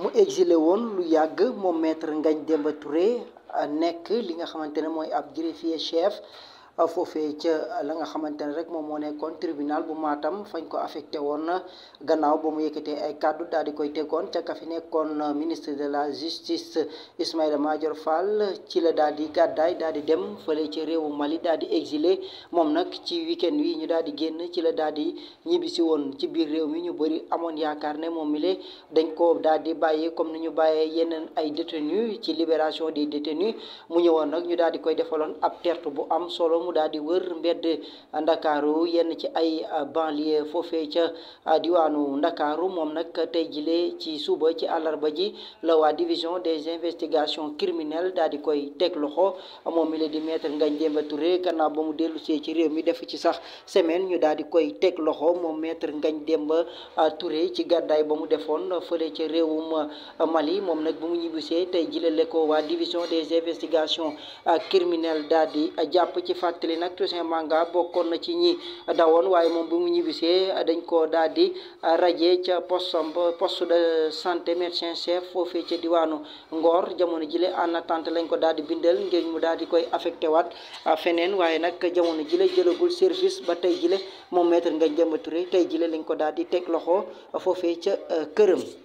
mu exilé woon lu yàgg moom maître nga Demba Touré nekk li nga xamante ne mooy ab greffier chef foofee ca la nga xamante ne rek moom moo nekkoon tribunal bu maatam fañ ko affecté woon gannaaw ba mu yëkkatee ay kàddu daal di koy tegoon ca ka fi nekkoon ministre de la justice Ismaïla Madior Fall ci la daal di gàddaay daal di dem fële ci réewu Mali daal di exilé moom nag ci week-end ñu daal di génn ci la daal di ñibbisi woon ci biir réew mi ñu bëri amoon yaakaar ne moom mi le dañ ko daal di bàyyi comme ni ñu bàyyee yeneen ay détenus ci libération des détenus mu ñëwoon nag ñu daal di koy defaloon ab tertu bu am solo mu daal di wër mbedd ndakaaru yenn ci ay ah, banlieue foofee ca ah, diwaanu ndakaaru moom nag tey jilee ci suba ci àllarba ji la waa division des investigations criminelles daal di koy teg loxo moom mi la di maître Ngagne Demba Touré gannaaw ba mu dellu see ci réew mi def ci sax semaine ñu daal di koy teg loxo moom maître Demba ah, Touré ci gàddaay ba mu defoon fële ca réewum Mali moom nag ba mu ñibbisee tey jile le waa division des investigations criminelles daal di jàpp ci fàttali fàttali nag Toussaint Manga bokkoon na ci ñi dawoon waaye moom bu mu ñibbisee dañ ko daal di raje ca poste poste de santé médecin chef foofee ca diwaanu ngoor jamono jile en tant lañ ko daal di bindal ngir mu daal di koy affecté waat feneen waaye nag jamono jile jëlagul service ba tey jile moom maître nga Demba Touré tey jile lañ ko daal di teg loxo foofee ca euh, këram